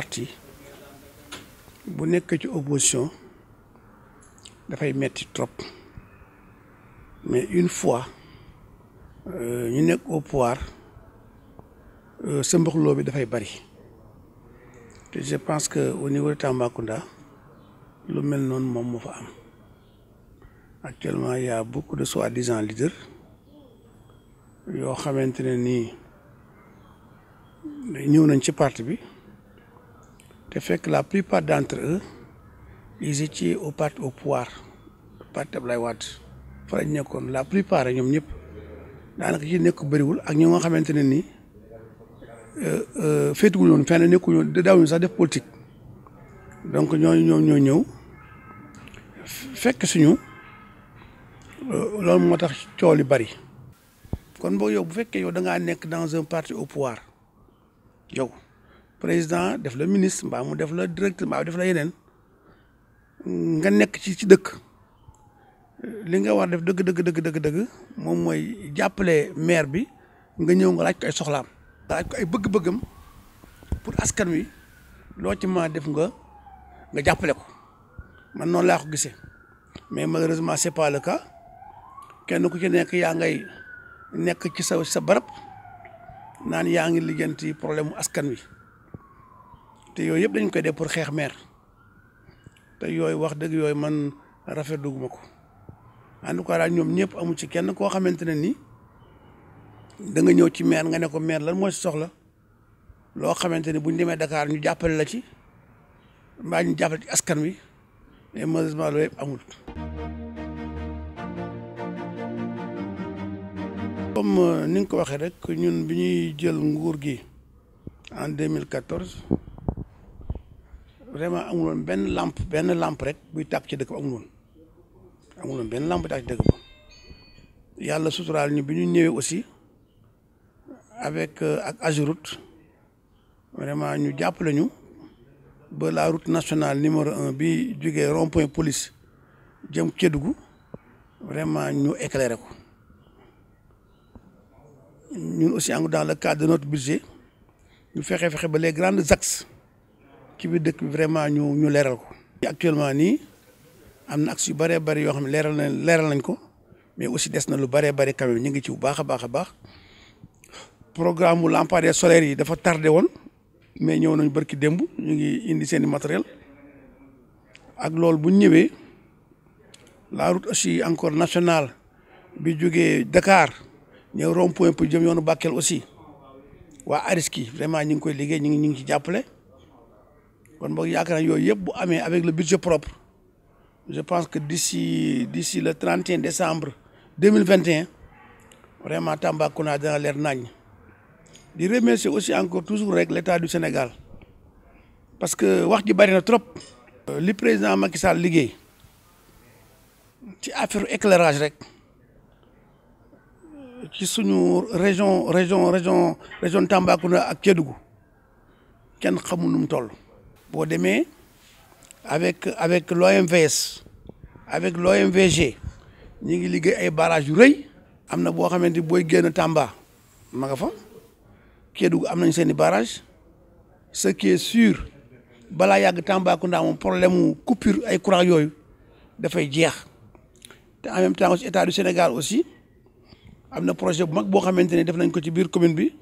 parti bu nek ci opposition fay mettre trop mais une fois euh, ñu nek au pouvoir euh, sa mboxloo bi fay bari je pense que au niveau de Tambacounda lu mel nom mom actuellement il y a beaucoup de soi-disant leaders yo xamantene ne nii nañ ci parti bi te fekk la plupart d'entre eux ils étaient au parti au pouvoir parti Abdoulaye Wade fa lañ nekkoon la plupart ñoom ñëpp daanaka ci nekk bëriwul ak ñoo nga xamante ne nii euh, euh, féetuwul woon fenn nekkul woon daawuñu sax def politique donc ñooñu ñoom ñoo ñëw fekk suñu euh, loolu moo tax coow li bari kon boo yow bu fekkee yow da ngaa nekk dans un parti au pouvoir yow. président def la ministre mbaa mu def la directeur mbaa def la yeneen nga nekk ci ci dëkk li nga war def dëgg dëgg dëgg dëgg moom mooy jàppale maire bi nga ñëw nga laaj ko ay soxlaam. laaj ko ay bëgg-bëggam pour askan wi loo ci ma def nga nga jàppale ko man noonu laa ko gisee mais malheureusement c'est pas le cas kenn ku ci nekk yaa ngay nekk ci sa sa barab naan yaa ngi lijjanti problème mu askan wi. te yooyu yëpp dañ koy def pour xeex maire te yooyu wax dëgg yooyu man rafet duguma ko en tout cas ñoom ñëpp amu ci kenn koo xamante ne nii danga ñëw ci maire nga ne ko maire lan moo si soxla loo xamante ni bu ñu demee Dakar ñu jàppale la ci mbaa ñu jàppale ci askan wi mais malheureusement loolu yëpp amul. comme euh, ni nga ko waxee rek ñun bi ñuy jël nguur gi en 2014. vraiment ben woon lampe benn lampe rek buy tap ci dëkk amul woon amul lampe buy tàkk ci dëkk ba yàlla suturaal ñu aussi avec euh, ak ajroute vraiment ñu japp nous ba la route nationale numéro un bi jugé rond-point police jëm kédugu vraiment ñu éclairé ko ñun aussi dans le cadre de notre budget nous faisons les grandes axes ci biir dëkk bi vraiment ñu ñu leeral ko. actuellement nii am na axe yu bëree bëri yoo xam leeral nañ leeral nañ ko mais aussi des na lu bëree bëri quand ñu ngi ci bu baax a baax a baax programme mu lampadaires solaires yi dafa tardé woon mais ñëw nañ barki démb ñu ngi indi seen i matériel ak loolu bu ñëwee la route aussi encore national bi jógee dakaar ñëw rond point pour jëm yoonu Bakel aussi waa Ariski vraiment ñu ngi koy liggéey ñu ngi ñu ngi ci jàppale. kon boog yaakaar naa avec le budget propre je pense que d'ici d'ici le 31 décembre 2021 vraiment Kouna dana leer nagne. di remercier aussi encore toujours rek l'état du Sénégal parce que wax ji bari na trop. Euh, li président Macky Sall liggéey ci affaire éclairage rek ci suñu région région région région Tambacounda ak Kédougou kenn xamul num tollu boo demee avec avec l'OMVS avec l'OMVG ñu ngi liggéey ay barrage yu rëy am na boo xamante Tamba ma nga fa Kédougou am nañ barrage ce qui est sûr balaa yàgg Tambacounda moom problème mu coupure ay courant yooyu dafay jeex te en même temps aussi état du Sénégal aussi am na projet bu mag boo xamante ni def nañ ko ci biir commune bi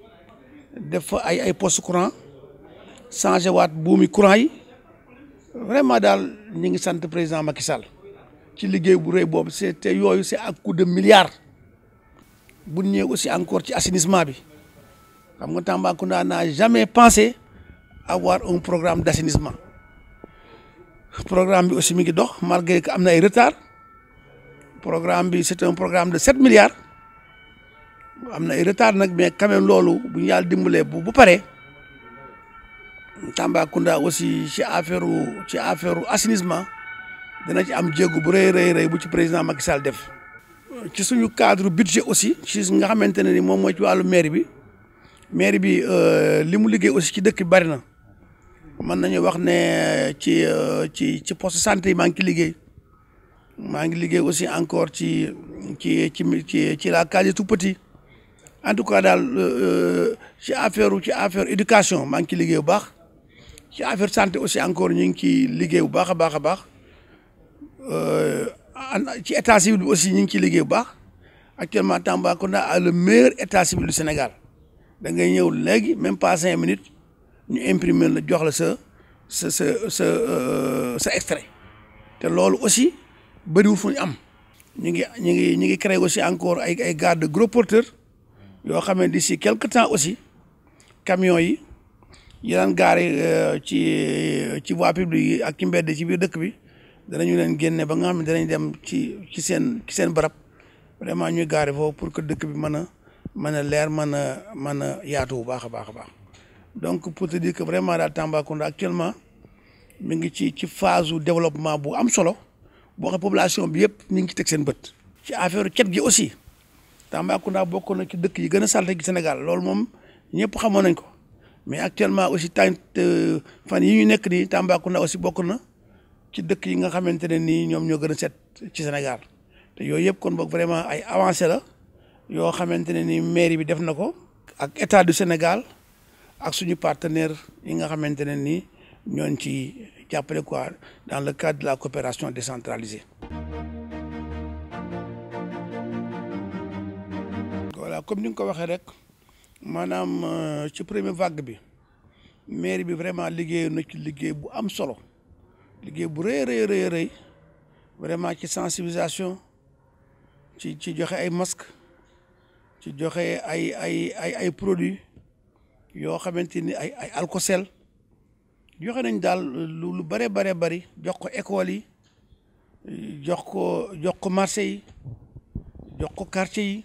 def fa ay ay poste courant changé wat boumi courant yi vraiment dal ñi ngi sant président Macky Sall ci liguey bu reuy bob c' yoyu c'est à coup de milliards bu ñëwee aussi encore ci assainissement bi xam nga n'a jamais pensé avoir un programme d'assainissement. programme bi aussi mi ngi dox malgré que amna ay retard programme bi c'est un programme de sept milliards amna ay retard nak mais quand même lolu bu ñal yàlla bu bu Tambacounda aussi ci affaire ci affaire assainissement dana ci am jéego bu rëy rëy rëy bu ci président Macky Sall def. ci suñu cadre budget aussi ci nga xamante ne ni moom mooy ci wàllu mairie bi mairie bi euh, li mu liggéey aussi ci dëkk bi bari na mën nañu wax ne euh, ci euh, ci ci poste santé yi maa ngi ci liggéey maa ngi liggéey aussi encore ci ci ci ci la case tout petit en tout cas daal ci affaire ci affaire éducation maa ngi ci liggéey bu baax. ci affaire santé aussi encore ñing ci liggéey bu baaxa baaxa baax euh baax ci état civil aussi ñing ci liggéey bu baax actuellement tamba ko na le meilleur état civil du Sénégal da ngay ñew légui même pas 5 minutes ñu imprimer la jox la ce ce ce euh ce extrait té loolu aussi bari wu fu am ñi ngi ñi ngi ñi ngi créer aussi encore ay ay garde gros porteur yo xamé d'ici quelque temps aussi camion yi. ñi daan gaare euh, ci ci voie yi ak ci mbedd ci biir dëkk bi danañu leen génne ba nga xam ne danañ dem ci ci seen seen barab vraiment ñuy gaare foofu pour que dëkk bi mën a mën a leer mën a mën a yaatu bu baax a baax baax donc pour te dire que vraiment daal Tambacounda actuellement mi ngi ci ci phase su développement bu am solo boo xam population bi yëpp ñu ngi ci teg seen bët. ci affaire cet gi aussi Tambacounda bokk na ci dëkk yi gën a salte Sénégal loolu moom ñëpp xamoon nañ ko. mais actuellement aussi tant euh, fan yi ñu nekk nii Tambacounda aussi bokk na ci dëkk yi nga xamantene ni ñom ñoom ñoo gën set ci Sénégal té yooyu yëpp kon bok vraiment ay avancé la yo xamantene ni nii mairie bi def nako ak état du Sénégal ak suñu partenaire yi nga xamantene ni ñoon ci jappalé quoi dans le cadre de la coopération décentralisée voilà comme ni nga ko waxee rek suis euh, ci première vague bi mairie bi vraiment liggéey na ci liggéey bu am solo bu vraiment ci sensibilisation ci ci joxe ay masque ci joxe ay ay ay produits yo ay ay joxe nañ dal lu lu bare bari jox ko école yi jox ko jox ko marché yi jox ko quartier yi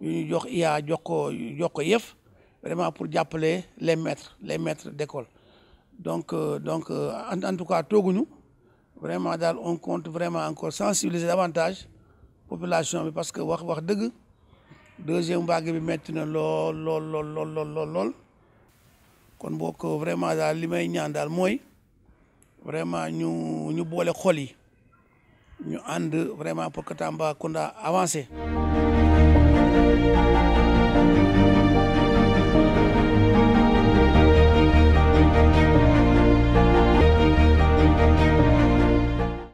yu ñu jox IA jox vraiment pour appeler les maîtres les maîtres d'école donc euh, donc euh, en en tout cas nous, vraiment on compte vraiment encore sensibiliser davantage population parce que wax wax dëgg deuxième vague bi metti na lol lol lol lol, lol, lool lool kon vraiment daal li ñaan vraiment ñu ñu boole xol yi ñu ànd vraiment pour que Tambacounda avancé thank you